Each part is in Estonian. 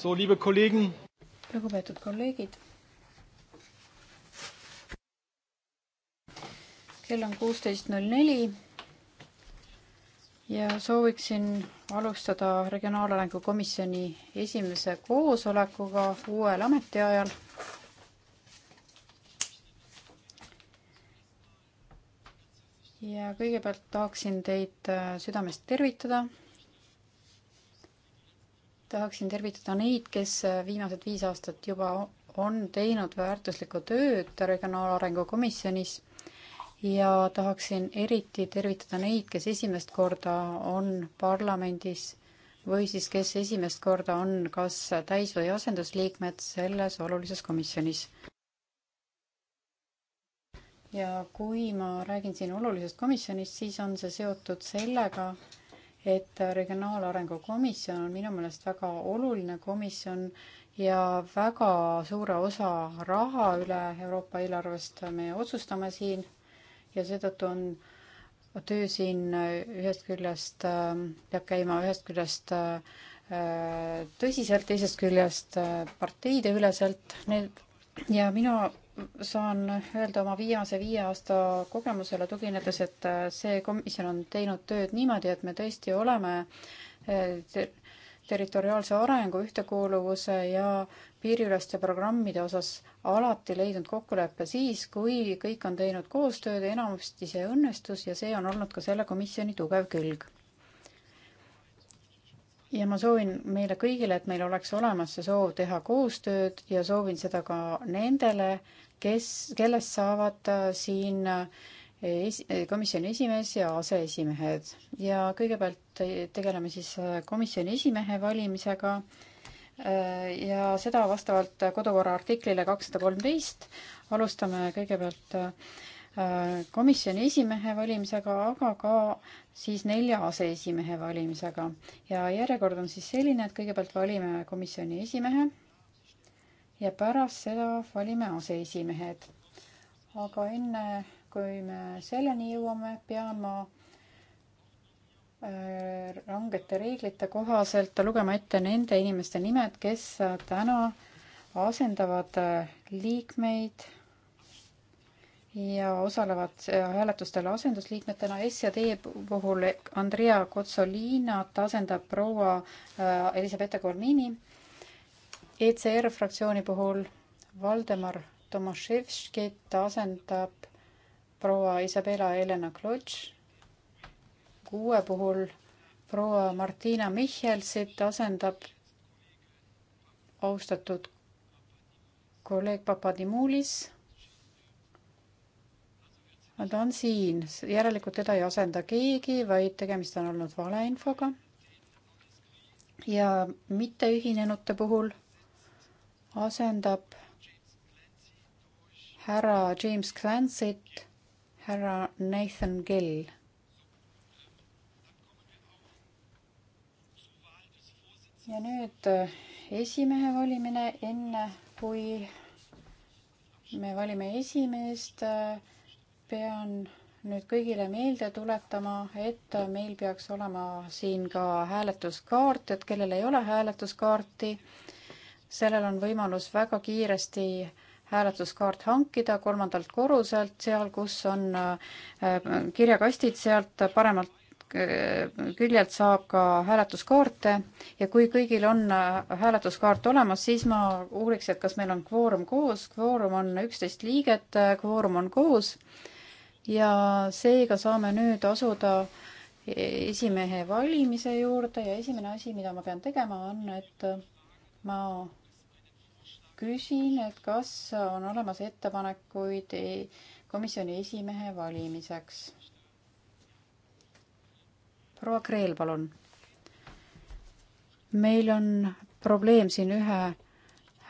So, liebe Kollegen. lugupeetud kolleegid. kell on kuusteist null neli ja sooviksin alustada Regionaalarengu Komisjoni esimese koosolekuga uuel ametiajal. ja kõigepealt tahaksin teid südamest tervitada tahaksin tervitada neid, kes äh, viimased viis aastat juba on teinud väärtuslikku tööd Regionaalarengu Komisjonis ja tahaksin eriti tervitada neid, kes esimest korda on parlamendis või siis kes esimest korda on kas täis- või asendusliikmed selles olulises komisjonis. ja kui ma räägin siin olulisest komisjonist, siis on see seotud sellega, et Regionaalarengu Komisjon on minu meelest väga oluline komisjon ja väga suure osa raha üle Euroopa eelarvest me otsustame siin ja seetõttu on töö siin ühest küljest ähm, peab käima ühest küljest äh, tõsiselt, teisest küljest äh, parteideüleselt, need ja minu saan öelda oma viimase viie aasta kogemusele tuginedes, et äh, see komisjon on teinud tööd niimoodi, et me tõesti oleme äh, ter territoriaalse arengu, ühtekuuluvuse ja piiriüleste programmide osas alati leidnud kokkuleppe siis, kui kõik on teinud koostööd, enamasti see õnnestus ja see on olnud ka selle komisjoni tugev külg ja ma soovin meile kõigile, et meil oleks olemas see soov teha koostööd ja soovin seda ka nendele, kes, kellest saavad äh, siin äh, es-, äh, komisjoni esimees ja aseesimehed. ja kõigepealt tegeleme siis komisjoni esimehe valimisega ja seda vastavalt kodukorra artiklile kakssada kolmteist. alustame kõigepealt äh, komisjoni esimehe valimisega, aga ka siis nelja aseesimehe valimisega. ja järjekord on siis selline, et kõigepealt valime komisjoni esimehe ja pärast seda valime aseesimehed. aga enne, kui me selleni jõuame, pean ma äh, rangete reeglite kohaselt lugema ette nende inimeste nimed, kes täna asendavad äh, liikmeid ja osalevad äh, hääletustel asendusliikmetena. S ja D puhul Andrea Kotsolinat asendab proua äh, Elisabetta Kornini. ECR fraktsiooni puhul Valdemar Tomaševskit asendab proua Isabella Elena Klotš. kuue puhul proua Martina Michelsit asendab austatud kolleeg Papadimoulis ta on siin, järelikult teda ei asenda keegi, vaid tegemist on olnud valeinfoga. ja mitteühinenute puhul asendab härra James Clancy't härra Nathan Gill. ja nüüd äh, esimehe valimine, enne kui me valime esimeest äh, pean nüüd kõigile meelde tuletama, et meil peaks olema siin ka hääletuskaart, et kellel ei ole hääletuskaarti, sellel on võimalus väga kiiresti hääletuskaart hankida kolmandalt korruselt, seal, kus on äh, kirjakastid, sealt paremalt äh, küljelt saab ka hääletuskaarte ja kui kõigil on äh, hääletuskaart olemas, siis ma uuriks, et kas meil on kvoorum koos, kvoorum on üksteist liiget, kvoorum on koos ja seega saame nüüd asuda esimehe valimise juurde ja esimene asi, mida ma pean tegema, on, et ma küsin, et kas on olemas ettepanekuid komisjoni esimehe valimiseks. proua Kreel, palun. meil on probleem siin ühe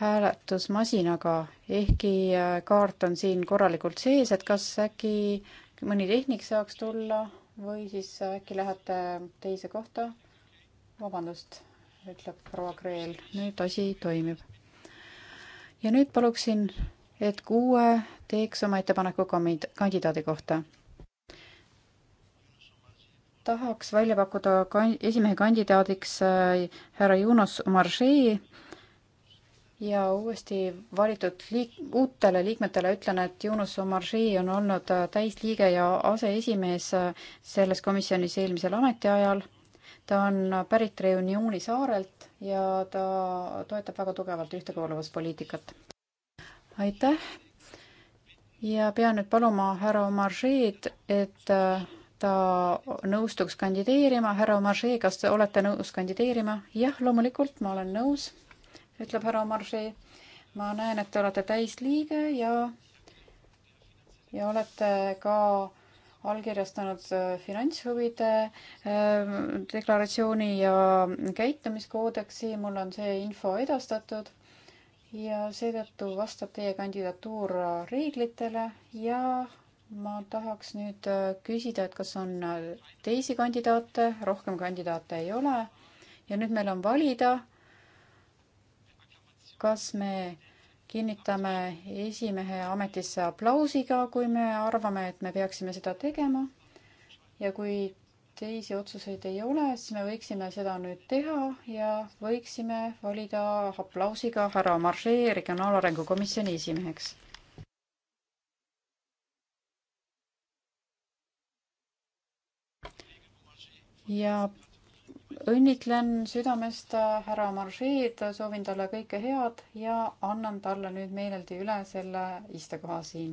hääletusmasinaga ehkki äh, kaart on siin korralikult sees, et kas äkki mõni tehnik saaks tulla või siis äkki lähete teise kohta? vabandust, ütleb proua Kreel, nüüd asi toimib. ja nüüd paluksin, et kuue teeks oma ettepaneku kandidaadi kohta. tahaks välja pakkuda kan-, esimehe kandidaadiks äh, härra Junos Omaržee ja uuesti valitud liik-, uutele liikmetele ütlen, et Yunus Omarjee on olnud äh, täisliige ja aseesimees äh, selles komisjonis eelmisel ametiajal. ta on äh, pärit Reunioni saarelt ja ta toetab väga tugevalt ühtekuuluvuspoliitikat. aitäh ja pean nüüd paluma härra Omarjeed, et ta nõustuks kandideerima. härra Omaržee, kas te olete nõus kandideerima? jah, loomulikult, ma olen nõus ütleb härra Omarži. ma näen, et te olete täisliige ja, ja olete ka allkirjastanud äh, finantshuvide äh, deklaratsiooni ja käitumiskoodeksi, mul on see info edastatud ja seetõttu vastab teie kandidatuur reeglitele ja ma tahaks nüüd äh, küsida, et kas on teisi kandidaate, rohkem kandidaate ei ole. ja nüüd meil on valida kas me kinnitame esimehe ametisse aplausiga, kui me arvame, et me peaksime seda tegema. ja kui teisi otsuseid ei ole, siis me võiksime seda nüüd teha ja võiksime valida aplausiga härra Marchee Regionaalarengu Komisjoni esimeheks. ja õnnitlen südamest härra Maršeed, soovin talle kõike head ja annan talle nüüd meeleldi üle selle istekoha siin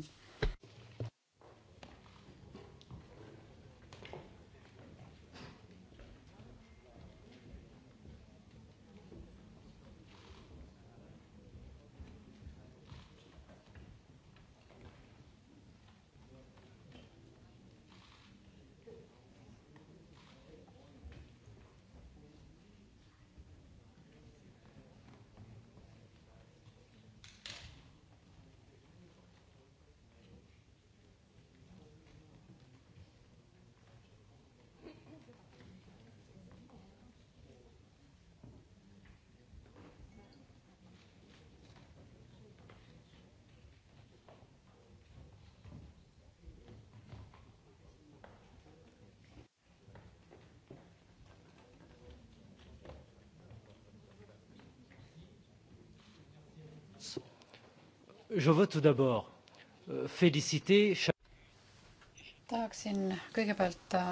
Euh, tahaksin kõigepealt äh,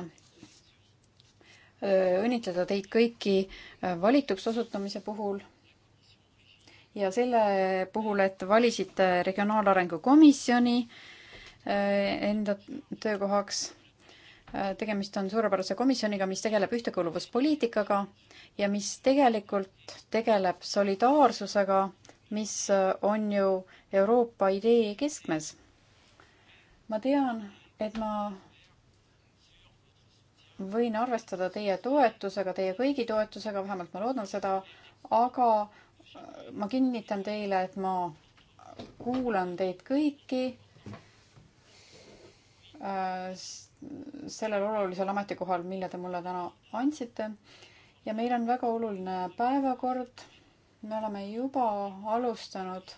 äh, õnnitleda teid kõiki äh, valituks osutumise puhul ja selle puhul, et valisite Regionaalarengu Komisjoni enda töökohaks. tegemist on suurepärase komisjoniga, mis tegeleb ühtekuuluvuspoliitikaga ja mis tegelikult tegeleb solidaarsusega mis äh, on ju Euroopa idee keskmes. ma tean, et ma võin arvestada teie toetusega, teie kõigi toetusega, vähemalt ma loodan seda, aga äh, ma kinnitan teile, et ma kuulan teid kõiki äh, sellel olulisel ametikohal, mille te mulle täna andsite. ja meil on väga oluline päevakord me oleme juba alustanud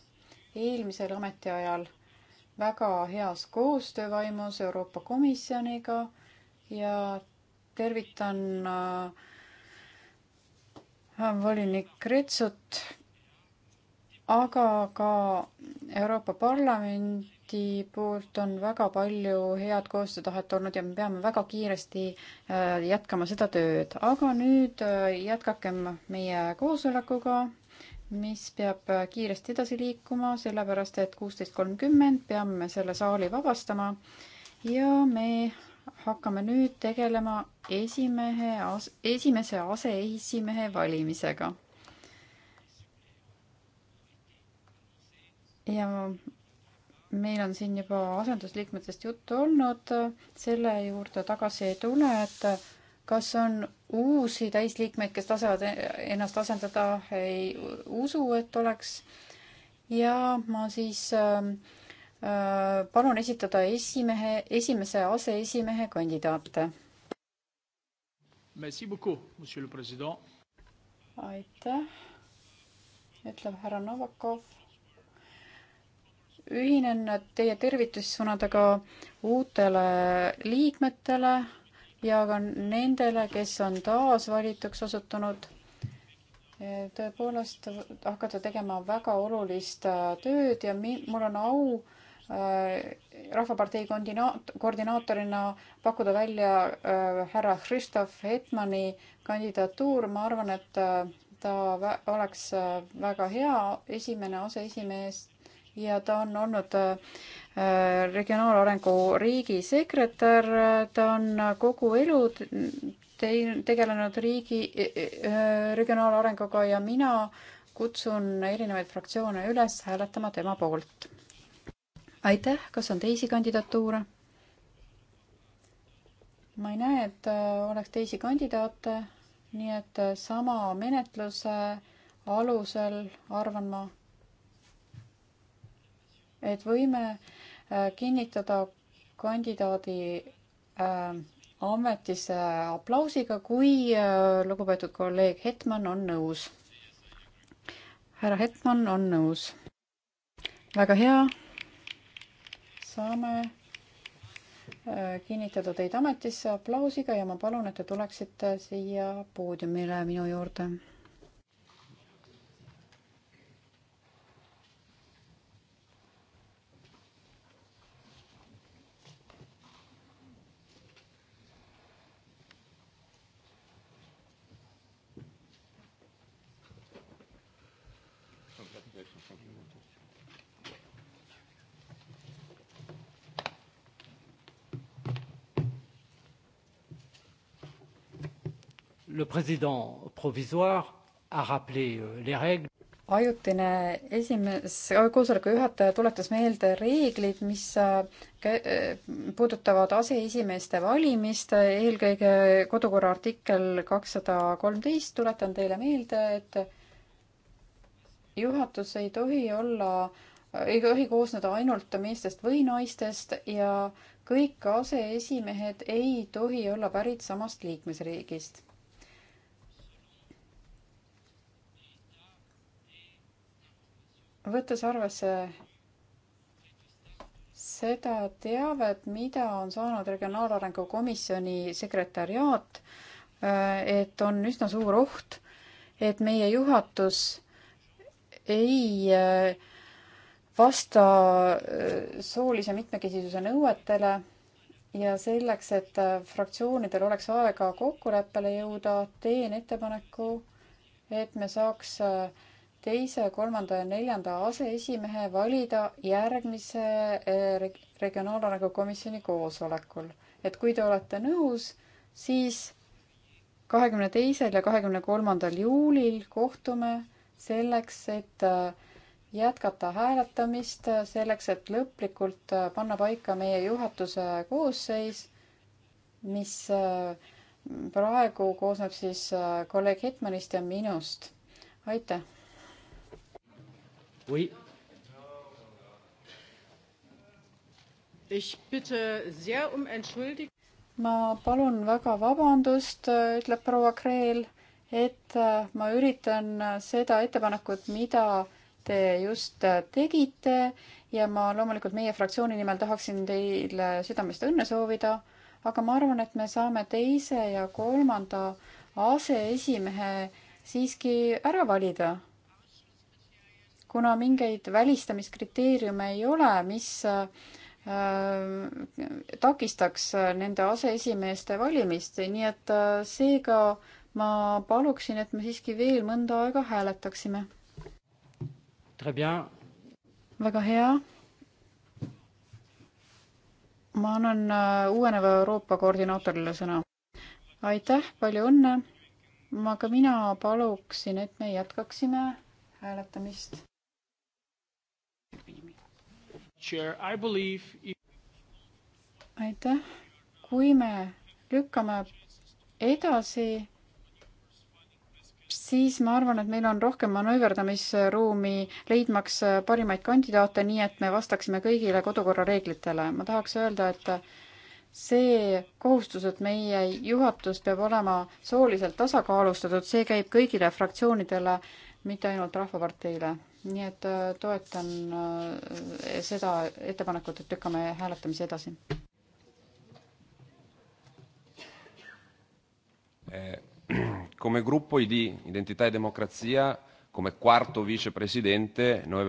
eelmisel ametiajal väga heas koostöövaimus Euroopa Komisjoniga ja tervitan äh, volinik Kretsut, aga ka Euroopa Parlamendi Eesti poolt on väga palju head koostöötahet olnud ja me peame väga kiiresti äh, jätkama seda tööd, aga nüüd äh, jätkakem meie koosolekuga mis peab kiiresti edasi liikuma, sellepärast et kuusteist kolmkümmend peame selle saali vabastama ja me hakkame nüüd tegelema esimehe as-, esimese aseesimehe valimisega. ja meil on siin juba asendusliikmetest juttu olnud, selle juurde tagasi ei tule, et kas on uusi täisliikmeid, kes tasevad e-, ennast asendada, ei usu, et oleks. ja ma siis äh, äh, palun esitada esimehe, esimese aseesimehe kandidaate. aitäh, ütleb härra Novakov. ühinen teie tervitussõnadega uutele liikmetele ja ka nendele, kes on taasvalituks osutunud. E, tõepoolest hakata tegema väga olulist e, tööd ja mi-, mul on au e, Rahvapartei koordinaat-, koordinaatorina pakkuda välja äh, härra Kristof Hetmani kandidatuur, ma arvan, et äh, ta oleks äh, väga hea esimene aseesimees ja ta on olnud äh, regionaalarengu riigisekretär, ta on kogu elu tei-, tegelenud riigi, äh, regionaalarenguga ja mina kutsun erinevaid fraktsioone üles hääletama tema poolt. aitäh, kas on teisi kandidatuure? ma ei näe, et äh, oleks teisi kandidaate, nii et sama menetluse alusel arvan ma, et võime äh, kinnitada kandidaadi äh, ametisse aplausiga, kui äh, lugupeetud kolleeg Hetman on nõus. härra Hetman on nõus. väga hea. saame äh, kinnitada teid ametisse aplausiga ja ma palun, et te tuleksite siia poodiumile minu juurde Le président provisoire a rappelé euh, les règles ajutine esimees, koosoleku juhataja tuletas meelde reeglid, mis äh, äh, puudutavad aseesimeeste valimist, eelkõige kodukorra artikkel kakssada kolmteist, tuletan teile meelde, et juhatus ei tohi olla, äh, ei tohi koosneda ainult meestest või naistest ja kõik aseesimehed ei tohi olla pärit samast liikmesriigist võttes arvesse seda teavet, mida on saanud Regionaalarengu Komisjoni sekretäriaat, äh, et on üsna suur oht, et meie juhatus ei äh, vasta äh, soolise mitmekesisuse nõuetele ja selleks, et fraktsioonidel oleks aega kokkuleppele jõuda, teen ettepaneku, et me saaks äh, teise, kolmanda ja neljanda aseesimehe valida järgmise eh, Regionaalarengu Komisjoni koosolekul. et kui te olete nõus, siis kahekümne teisel ja kahekümne kolmandal juulil kohtume selleks, et eh, jätkata hääletamist, selleks, et lõplikult eh, panna paika meie juhatuse koosseis, mis praegu koosneb siis kolleeg Hetmanist ja minust. aitäh! Oui. Ich bitte sehr um entschuldigung. ma palun väga vabandust, ütleb proua Kreel, et äh, ma üritan äh, seda ettepanekut, mida te just äh, tegite ja ma loomulikult meie fraktsiooni nimel tahaksin teile südamest õnne soovida, aga ma arvan, et me saame teise ja kolmanda aseesimehe siiski ära valida kuna mingeid välistamiskriteeriume ei ole, mis äh, takistaks nende aseesimeeste valimist, nii et äh, seega ma paluksin, et me siiski veel mõnda aega hääletaksime. väga hea. ma annan äh, uueneva Euroopa koordinaatorile sõna. aitäh, palju õnne. ma ka mina paluksin, et me jätkaksime hääletamist aitäh, kui me lükkame edasi, siis ma arvan, et meil on rohkem manööverdamisruumi, leidmaks parimaid kandidaate, nii et me vastaksime kõigile kodukorra reeglitele. ma tahaks öelda, et see kohustus, et meie juhatus peab olema sooliselt tasakaalustatud, see käib kõigile fraktsioonidele äh, mitte ainult Rahvaparteile. nii et äh, toetan äh, seda ettepanekut, et lükkame hääletamise edasi. Eh, come gruppo ID Identità e Democrazia, come quarto vicepresidente, noi...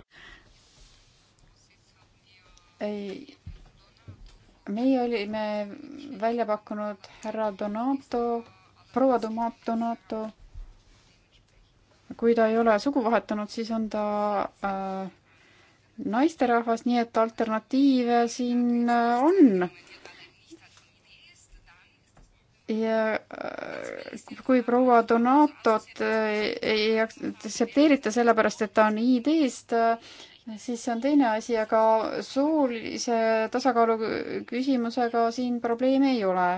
ei, meie olime välja pakkunud härra Donato, proua Donato kui ta ei ole sugu vahetanud, siis on ta äh, naisterahvas, nii et alternatiive siin äh, on. ja äh, kui proua Donatot äh, ei aktsepteerita sellepärast, et ta on ID-st äh,, siis see on teine asi, aga soolise tasakaalu küsimusega siin probleemi ei ole.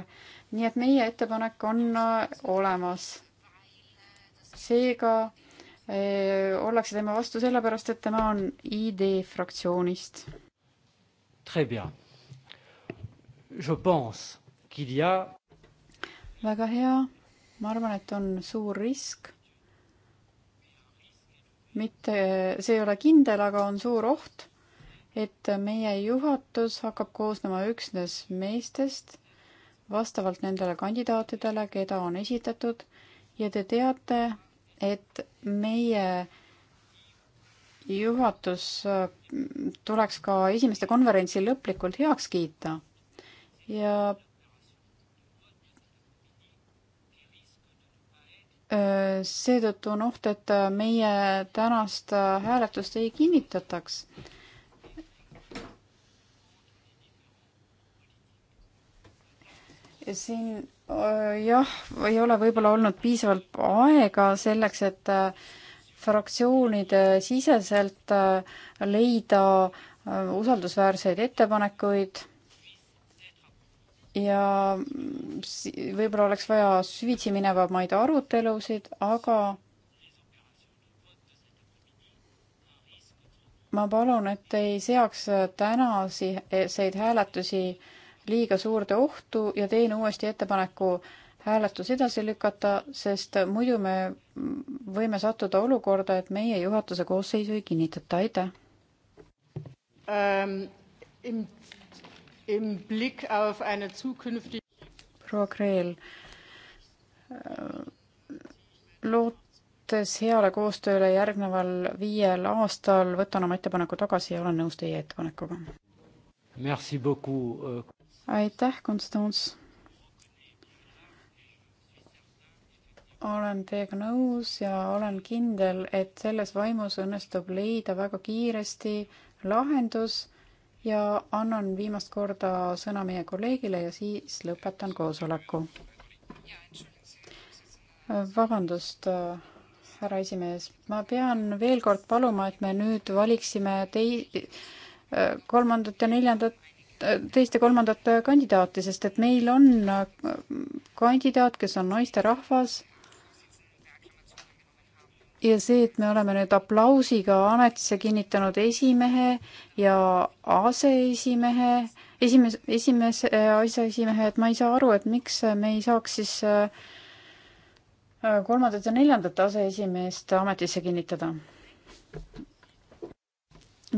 nii et meie ettepanek on äh, olemas seega eh, ollakse tema vastu sellepärast, et tema on ID fraktsioonist. Très bien. Je pense qu'il y a väga hea, ma arvan, et on suur risk. mitte, see ei ole kindel, aga on suur oht, et meie juhatus hakkab koosnema üksnes meestest vastavalt nendele kandidaatidele, keda on esitatud ja te teate, et meie juhatus äh, tuleks ka esimeste konverentsil lõplikult heaks kiita ja äh, seetõttu on oht, et äh, meie tänast hääletust ei kinnitataks siin äh, jah, ei ole võib-olla olnud piisavalt aega selleks, et äh, fraktsioonide siseselt äh, leida usaldusväärseid ettepanekuid ja mm, võib-olla oleks vaja süvitsi minevamaid arutelusid, aga ma palun, et ei seaks tänaseid hääletusi liiga suurde ohtu ja teen uuesti ettepaneku hääletus edasi lükata, sest muidu me võime sattuda olukorda, et meie juhatuse koosseisu ei kinnitata, aitäh ähm,. proua Kreel äh, lootes heale koostööle järgneval viiel aastal võtan oma ettepaneku tagasi ja olen nõus teie ettepanekuga aitäh, Konstants. olen teiega nõus ja olen kindel, et selles vaimus õnnestub leida väga kiiresti lahendus ja annan viimast korda sõna meie kolleegile ja siis lõpetan koosoleku. vabandust härra esimees, ma pean veel kord paluma, et me nüüd valiksime tei-, kolmandat ja neljandat teist ja kolmandat kandidaati, sest et meil on äh, kandidaat, kes on naisterahvas. ja see, et me oleme nüüd aplausiga ametisse kinnitanud esimehe ja aseesimehe, esimees, esimese äh, aseesimehe, et ma ei saa aru, et miks me ei saaks siis äh, kolmandat ja neljandat aseesimeest ametisse kinnitada.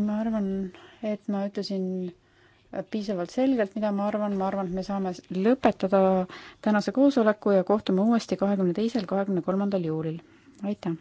ma arvan, et ma ütlesin piisavalt selgelt, mida ma arvan, ma arvan, et me saame lõpetada tänase koosoleku ja kohtume uuesti kahekümne teisel, kahekümne kolmandal juulil. aitäh!